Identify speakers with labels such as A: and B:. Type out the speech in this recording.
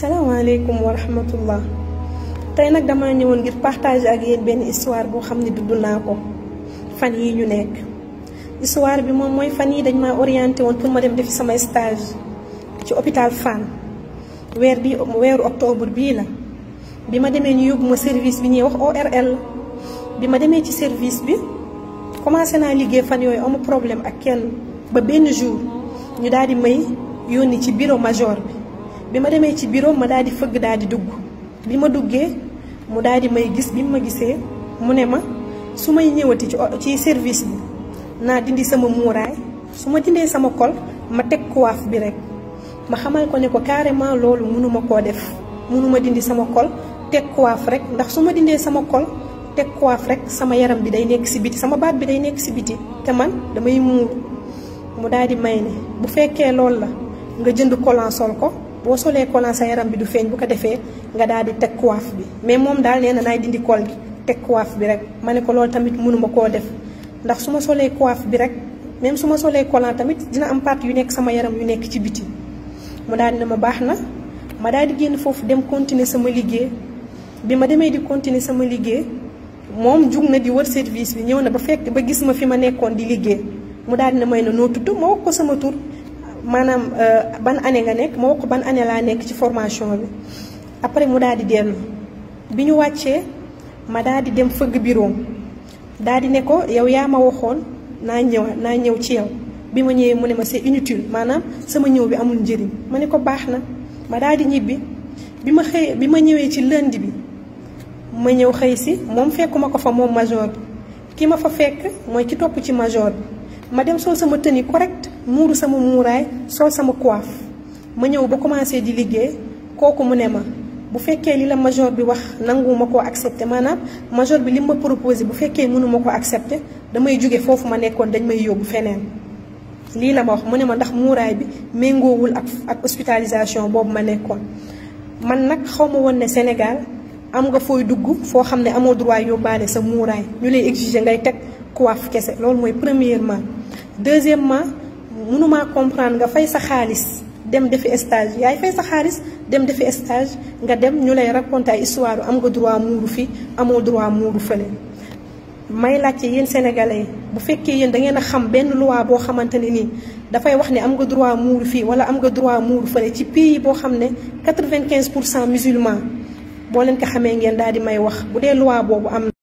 A: salaamaaleykum wa rahmatullah tey nag dama ñëwoon ngir partager ak yéen benn histoire boo xam ne dund naa ko fan yi ñu nekk histoire bi moom mooy fan yi dañ maa orienté woon pour ma dem defi samay stage ci hôpital Fann weer bi weeru octobre bii la bi ma demee ñu yóbbu ma service bi ñuy wax ORL bi ma demee ci service bi commencé naa liggéey fan yooyu amu problème ak kenn ba benn jour ñu daal di may yónni ci bureau major bi bi ma demee ci biro ma daal di fëgg daal di dugg bi ma duggee mu daal di may gis bi ma gisee mu ne ma su may ñëwati ci ci service bi naa dindi sama muuraay su ma dindee sama kol ma teg coiffe bi rek ma xamal ko ne ko carrément loolu mënuma koo def mënuma dindi sama kol teg coiffe rek ndax su ma dindee sama kol teg coiffe rek sama yaram bi day nekk si biti sama baat bi day nekk si biti te man damay muur mu dal di may ne bu fekkee loolu la nga jënd collant sol ko boo solee collant sa yaram bi du feeñ bu ko defee nga daal di teg coiffe bi mais moom daal nee na naay dindi col teg coiffe bi rek ma ne ko loolu tamit mënuma koo def ndax su ma solee coiffe bi rek même su ma solee collant tamit dina am part yu nekk sama yaram yu nekk ci biti mu daal di ne ma baax na ma daal di génn foofu dem continuer sama liggéey bi ma demee di continuer sama liggéey moom jug na di wër service bi ñëw na ba fekk ba gis ma fi ma nekkoon di liggéey mu daal di ne may na noo tudd ma ko sama tur maanaam euh, ban année nga nekk ma wax ko ban année laa nekk ci formation bi après mu daal di dellu bi ñu wàccee ma daal di dem fëgg biroom daal di ne ko yow yaa ma waxoon naa ñëw naa ñëw ci yow bi ma ñëwee mu ne ma c'est inutile maanaam sama ñëw bi amul njëriñ ma ne ko baax na ma daal di ñibbi bi ma xëy bi ma ñëwee ci lënd bi ma ñëw xëy si moom fekkuma ko fa moom major bi ki ma fa fekk mooy ki topp ci major bi ma dem sol sama tenue correct muuru sama muuraay soo sama coiffe ma ñëw ba commencé di liggéey kooku mu ne ma bu fekkee li la major bi wax nangu nanguwuma koo accepté maanaam major bi li ma proposé bu fekkee mënuma ko accepté damay jóge foofu ma nekkoon dañ may yóbbu feneen lii la ma wax mu ne ma ndax muuraay bi méngoowul ak ak hospitalisation boobu ma nekkoon man nag xaw ma woon ne Sénégal am nga fooy dugg foo xam ne amoo droit yóbbaale sa muuraay ñu lay exiger ngay teg coiffe kese loolu mooy premièrement deuxièmement mënumaa comprendre nga fay sa xaalis dem defi stage yaay fay sa xaalis dem defi stage nga dem ñu lay raconter ay histoire am nga droit muuru fii amoo droit muuru fële. may laajte yéen sénégalais bu fekkee yéen da ngeen a xam benn loi boo xamante ne nii dafay wax ne am nga droit muuru fii wala am nga droit muuru fële ci pays boo xam ne quatre-vingt-quinze pour cent musulman boo leen ko xamee ngeen daal di may wax bu dee loi boobu am